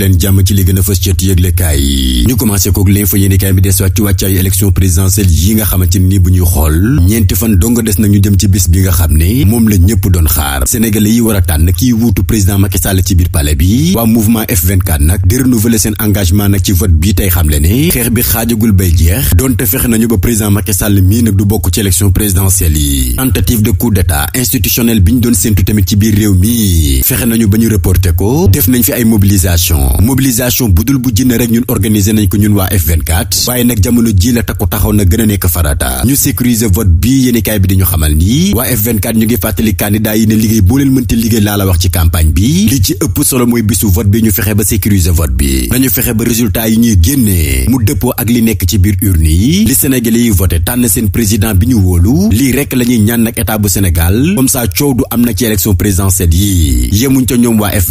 leen jàmm ci li gën a fës ci yëglekaay yi ñu commencé kook l'info yéenekaay bi des waat ci wàccaayu élection présidentielle yi nga xamante ni bu ñuy xool ñeenti fan donga des ñu jëm ci bis bi nga xam ne moom la ñëpp doon xaar sénégalais yi war a tànn kii wuutu président Macky Sall ci biir pale bi waa mouvement F24 nag di renouveler seen engagement nag ci vote bii tey xam le ne xeex bi xaajagul bay jeex doonte fexe nañu ba président Macky Sall mii nag du bokk ci élection présidentielle yi tentative de coup d'état bi ñu doon séntu tamit ci biir réew mi fexe nañu ba ñu reporté ko def nañ fi ay mobilisation mobilisation mobilisation bu dul bu jinne rek ñun organiser nañ ko ñun waa F24 waaye nag jamono ji la takku taxaw na gën a nekk farata ñu sécuriser vote bi yéenekaay bi di ñu xamal nii waa F24 ñu ngi fàttali candidat yi ne liggéey boo leen mënti liggéey laa la wax ci campagne bi li ci ëpp solo mooy bisu vote bi ñu fexe ba sécuriser vote bi nañu fexe ba résultat yi ñuy génnee mu dëppoo ak li nekk ci biir urne yi li Sénégalais yi voté tànn seen président bi ñu wóolu lii rek la ñuy ñaan nag état bu Sénégal comme ça coow du am na ci élection présidentielle yi yemuñ ca ñoom waa f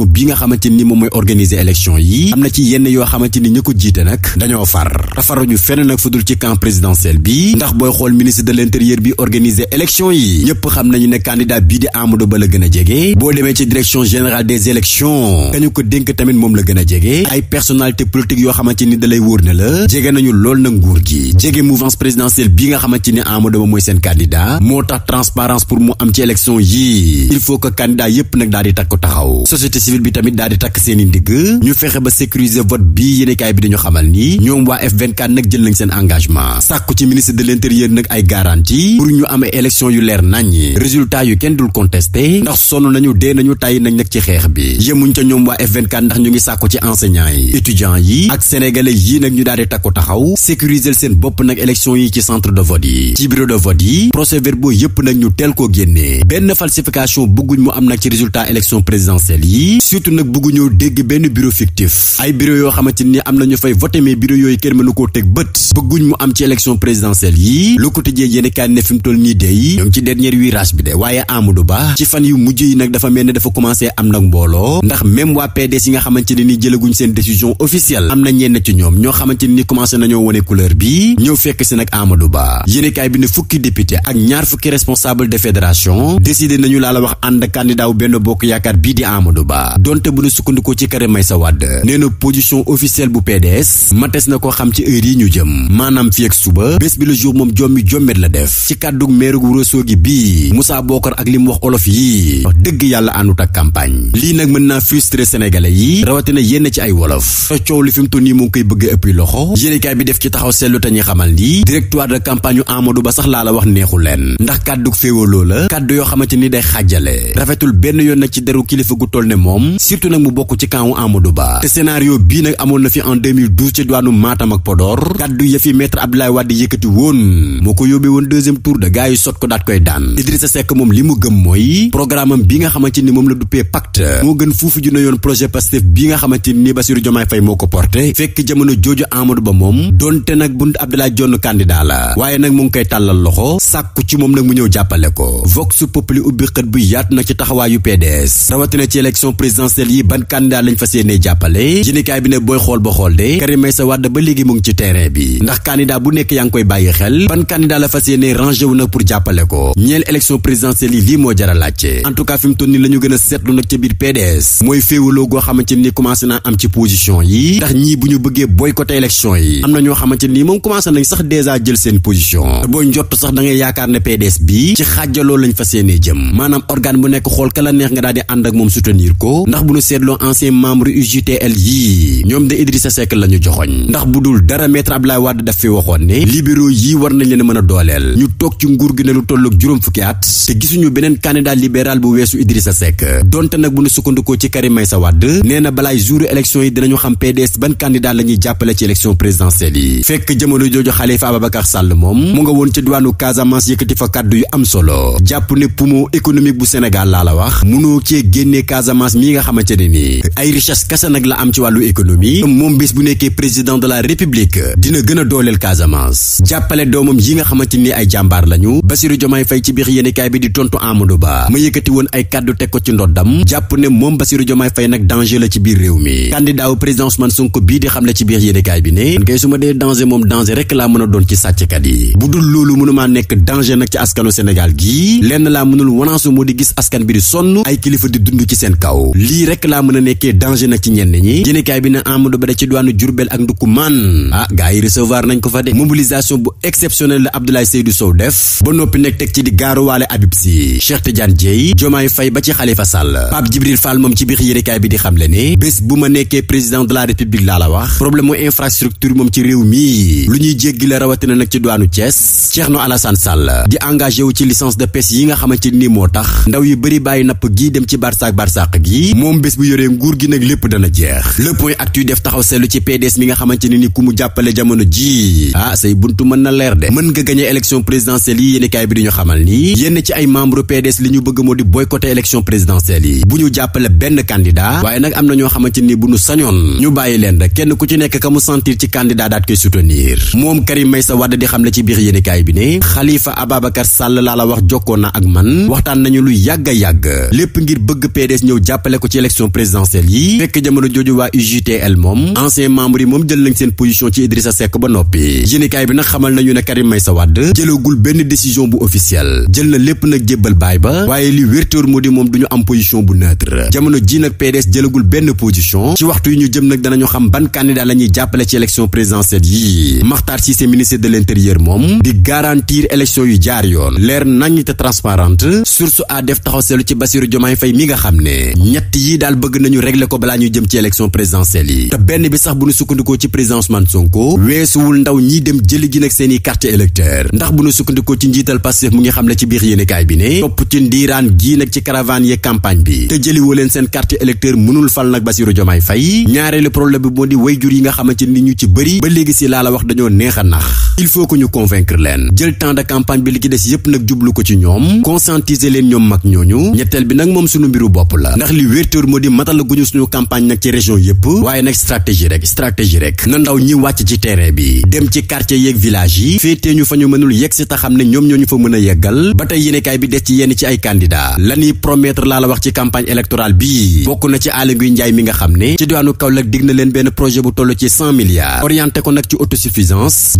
administration bi nga xamante ni moom mooy organiser élection yi am na ci yenn yoo xamante ni ñu ko jiite nag dañoo far tafaruñu fenn nag fudul ci camp présidentiel bi ndax booy xool ministre de l'intérieur bi organiser élection yi ñëpp xam nañu ne candidat bii di Amadou Ba la gën a jege boo demee ci direction générale des élections kañu ko dénk tamit moom la gën a jege ay personnalité politique yoo xamante ni dalay wóor na la jege nañu lool na nguur gi jege mouvance présidentielle bi nga xamante ni Amadou Ba mooy seen candidat moo tax transparence pour mu am ci élection yi il faut que candidat yépp nag di takk ko taxaw civile bi tamit daal di takk seeni i ndigg ñu fexe ba sécuriser vote bi yéenekaay bi dañu xamal ni ñoom waa F24 nag jël nañ seen engagement sàkku ci ministre de l'intérieur nag ay garantie pour ñu amee élection yu leer naññi résultat yu kenn dul contesté ndax sonn nañu dee nañu tàyyi nañ nag ci xeex bi yëmuñ ca ñoom waa F24 ndax ñu ngi sàkku ci enseignants yi étudiants yi ak sénégalais yii nag ñu daal di takku taxaw sécuriser seen bopp nag élection yi ci centre de vote yi ci bureau de vote yi procès verbaux yëpp nag ñu teel koo génnee benn falsification mu am nag ci résultat élection présidentielle yi yi surtout nag bëgguñoo dégg benn bureau fictif ay bureau yoo xamante ni am na ñu fay voté bureau yooyu kenn mënu koo teg bët bëgguñ mu am ci élection présidentielle yi Le Quotidien yéen kaay bi yi nag dafa mel ne dafa commencé am nag seen décision officielle am na ñenn ci ñoom ñoo xamante ni commencé nañoo wone couleur bi ñëw bi ne fukki député ak ñaar fukki responsable de fédération décidé nañu laa la wax ànd candidat wu benn bokk yaakaar bii di Amadou Ba Touba donte bu nu sukkandikoo ci Karim Meïssa Wade nee na position officielle bu PDS mates na ko xam ci heure yi ñu jëm maanaam fi ak suba bés bi le jour moom jommi jommet la def ci kàddug meerug Ourossogui bii Moussa Bokar ak li mu wax olof yi wax dëgg yàlla àndut ak campagne lii nag mën naa frustré sénégalais yi rawatina yenn ci ay wolof te coow li fi mu toll nii mu koy bëgg a ëppi loxo yéenekaay bi def ci taxaw seetlu te xamal ni directoire de campagne yu Ba sax laa la wax neexu leen ndax kàddug féewaloo la kàddu yoo xamante ni day xàjjale rafetul benn yoon nag ci moom surtout nag mu bokk ci camp wu Amadou Ba te scénario bii nag amoon na fi en 2012 ci diwaanu Matam ak Podor kaddu ya fi maître Abdoulaye Wade yëkkati woon moo ko yóbbee woon deuxième tour de gars sot ko daat koy daan Idrissa Seck moom li mu gëm mooy programme bi nga xamante ni moom la duppee pacte moo gën fuufu junne yoon projet Pastef bi nga xamante ni Bassirou Diomaye Faye moo ko porté fekk jamono jooju Amadou Ba moom donte nag bunt Abdoulaye Jonn candidat la waaye nag mu ngi koy tàllal loxo sàkku ci moom nag mu ñëw jàppale ko Vox Populi ubbi xët bu yaat ci taxawaayu PDS rawatina ci élection présidentielle yi ban candidat lañ fa yéenee jàppale yéenekaay bi ne booy xool ba xool de Karim Meïssa Wade léegi mu ngi ci terrain bi ndax candidat bu nekk yaa ngi koy bàyyi xel ban candidat la fas yéenee rangé pour jàppale ko ñeel élection présidentielle yi lii moo jara laajte en tout cas fi mu toll nii la gën a seetlu nag ci biir PDS xamante ni commencé naa am ci position yi ndax ñii bu ñu bëggee boycotté élection yi am na ñoo xamante nii moom commencé nañ sax déjà jël seen position booy njott sax da ngay yaakaar ne PDS bi ci xaajaloo lañ fas yéenee jëm maanaam organe bu nekk xool ka la neex nga daal di ànd ak moom soutenir ko ndax bu ñu seetloo ancien membre UJTL yii ñoom de Idrissa Seck la ñu joxoñ ndax bu dul dara maître Abdoulaye Wade daf fi waxoon ne libéraux yii war nañ leen mën dooleel ñu toog ci nguur gi ne lu tolloog juróom fukki at te gisuñu beneen candidat libéral bu weesu Idrissa Seck donte nag bu ñu sukkandikoo ci Karim Meïssa Wade nee na balaay jouru élection yi dinañu xam PDS ban candidat la ñuy jàppale ci élection présidentielle yi fekk jamono jooju Khalifa Ababacar Sall moom mu nga woon ci diwaanu Casamance yëkkati fa bu Sénégal laa la wax Casamance mii nga xamante ne nii ay richesse kese nag la am ci wàllu économie moom bés bu nekkee président de la république dina gën a dooleel Casamance jàppale doomam yi nga xamante ni ay jàmbaar lañu Bassirou Diomaye fay ci biir yéenekaay bi di tontu Amadou Ba ma yëkkati woon ay kàddu teg ko ci ndoddam jàpp ne moom Bassirou Diomaye Faye nag danger la ci biir réew mi candidat wu président Ousmane Sonko bii di xam ne ci biir yéenekaay bi ne man kay su ma dee danger moom danger rek laa mën a doon ci sàcckat yi bu dul loolu mënumaa nekk danger nag ci askanu Sénégal gii lenn laa mënul wanaasu moo di gis askan bi di sonn ay kilifa di dund ci seen kaw Sonko lii rek laa mën a nekkee danger nag ci ñenn ñi yéenekaay bi na Amadou Ba da ci diwaanu Jurbel ak Ndoukoumane ah gars yi recevoir nañ ko fa de mobilisation bu exceptionnelle la Abdoulaye Seydou Sow def ba noppi nag teg ci di gaaruwaale Habib Sy Cheikh Tidiane Dièye Diomaye Faye ba ci Khalifa Sall Pape Djibril Fall moom ci biir yéenekaay bi di xamle ne bés bu ma nekkee président de la République laa la wax problème mu infrastructure moom ci réew mi lu ñuy jéggi la nag ci diwaanu Thiès Thierno Alassane Sall di engagé wu ci licence de pêche yi nga xamante ni moo tax ndaw yu bëri bàyyi napp gii dem ci barsaak barsaak gi yi moom bés bu yoree nguur gi nag lépp dana jeex le point actu def taxaw seetlu ci PDS mi nga xamante ne nii ku mu jàppale jamono jii ah say buntu mën na leer de mën nga gagné élection présidentielle yi yéeni bi di ñu xamal ni yenn ci ay membre PDS li ñu bëgg moo di boycotté élection présidentielle yi bu ñu jàppale benn candidat waaye nag am na ñoo xamante ni bu ñu sañoon ñu bàyyi leen rek kenn ku ci nekk ka mu sentir ci candidat daat koy soutenir moom Karim Meïssa Wade ci biir yéeni kaay bi ne Khalifa Ababacar Sall laa wax jokkoon na ak man waxtaan nañu lu yàgg a yàgg lépp ngir bëgg PDS ñëw jàpp jàppale ko ci élection présidentielle yi fekk jamono jooju waa UJTL moom ancien membre yi moom jël nañ seen position ci Idrissa Seck ba noppi yéenekaay bi nag xamal nañu ne jëlagul benn décision bu officielle jël na lépp nag jébbal baay ba waaye li wértéer moo di moom duñu am position bu neutre jamono ji nag PDS jëlagul benn position ci waxtu yi ñu jëm nag ñu xam ban candidat la ñuy jàppale ci élection présidentielle yi Makhtar Cissé ministre de l'intérieur moom di garantir élection yu jaar yoon leer nañ ñ transparente source à def taxaw seetlu ci Bassirou Diomaye Faye mi nga xam ne ñett yi daal bëgg nañu régler ko balaa ñuy jëm ci élection présidentielle yi te benn bi sax bu ñu sukkandikoo ci président Ousmane Sonko weesuwul ndaw ñiy dem jëli gi nag seeni carte électeur ndax bu ñu sukkandikoo ci njiital Pastef mu ngi xam le ci biir yéenekaay bi ne topp ci ndiiraan gii nag ci caravane yi campagne bi te jëliwoo leen seen carte électeur mënul fal nag Bassirou Diomaye Faye ñaareelu problème bi moo di wayjur yi nga ni ñu ci bëri ba léegi si laa la wax dañoo neex a nax il faut que leen jël temps de bi li ci des yépp nag jublu ko ci ñoom conscientiser leen ñoom mag ñooñu ñetteel bi nag moom suñu mbiru bopp la li wértéer moo di matal guñu suñu campagne nag ci région yépp waaye nag stratégie rek stratégie rek na ndaw ñi wàcc ci terrain bi dem ci quartier yeeg village yi féetee ñu fa ñu mënul yegg xam ne ñoom ñoo ñu fa mën a yeggal ba tey yéenekaay bi des ci yenn ci ay candidat lañuy promettre laa la wax ci campagne électorale bi bokk na ci Aly Ngouille Ndiaye mi nga xam ne ci diwaanu Kaolack dig na leen benn projet bu toll ci milliards orienté ko nag ci autosuffisance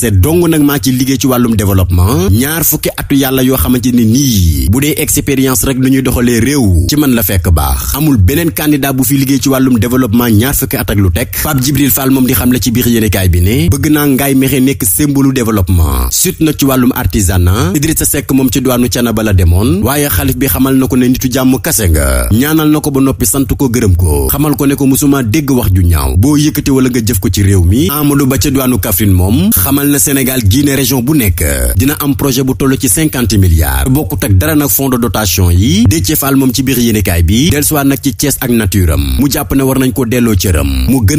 kase dong nag maa ci liggéey ci wàllum développement ñaar fukki atu yàlla yoo xamante ni nii bu dee expérience rek nu ñuy doxalee réew ci man la fekk baax xamul beneen candidat bu fi liggéey ci wàllum développement ñaar fukki at ak lu teg Pape Djibril Fall moom di xam la ci biir yéenekaay bi ne bëgg naa ngaay mexe nekk symbolu développement sut nag ci wàllum artisanat Idrissa sekk moom ci diwaanu Thiénaba la demoon waaye xalif bi xamal na ko ne nitu jàmm kase nga ñaanal na ko ba noppi sant ko gërëm ko xamal ko ne ko musuma dégg wax ju ñaaw boo yëkkate wala nga jëf ko ci réew mi Amadou Ba ca diwaanu Kaffrine moom na Sénégal Guinée région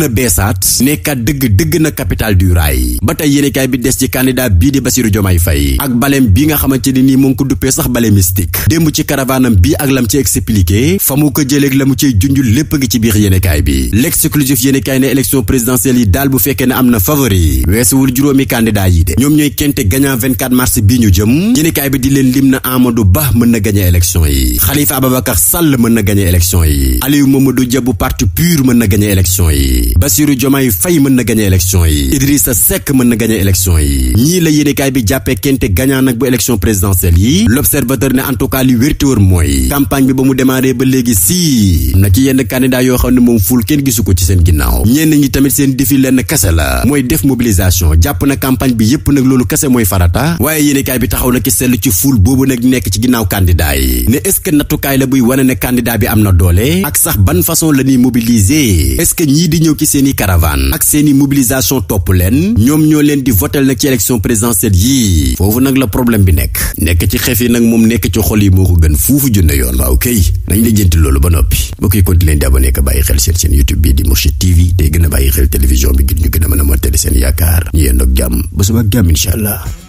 a beesaat nekkaat dëgg dëgg na capital du rail ba tey yéenekaay bi des ci candidat bii di Bassirou Diomaye Faye ak baleem bi nga xamante ni nii mu ngi ko duppee sax bale mystique démb ci caravanam bii ak lam ci expliqué fa mu ko jëleeg la mu ciy junjul lépp ngi ci biir yéenekaay bi l'exclusif yéenekaay ne élection présidentielle yi daal bu fekkee ne am na favori weesuwul juróomi kan candidat yi de ñoom ñooy kente gagnant 24 mars bi ñu jëm na Amadou Ba mën na gagné élection yi na gagné élection yi Aliou Mamadou Dia bu parti ñii la yéenekaay bi jàppee kente gagnant nag bu élection présidentielle yi L'Observateur ne en tout cas li wérti wër mooy campagne bi ba mu démarré ba léegi si na ci yenn candidat yoo xam ne moom ful kenn gisu ko ci seen ginnaaw ñenn ñi tamit seen défi lenn kese la mooy def mobilisation campagne bi yépp nag loolu kese mooy farata waaye yéenekaay bi taxaw na ci seetlu ci fuul boobu nag nekk ci ginnaaw candidat yi ne est bi am na doole ak sax ban façon ce que ñii di ñëw ci seeni caravane ak seeni mobilisation topp leen ñoom ñoo leen di votel nag ci élection présidentielle yii foofu nag la problème bi nekk nekk ci xef yi nag moom nekk ci xol yi moo ko gën fuufu junne yoon waaw kay nañ la jënti loolu ba noppi boo koy continuer di abonné ko bàyyi xel seen YouTube bi di Mourchid TV tey gën a bàyyi xel télévision bi ngir ñu gën a mën a mottali seen yaakaar ñu yendoog jàmm salaam ba suba ak allah.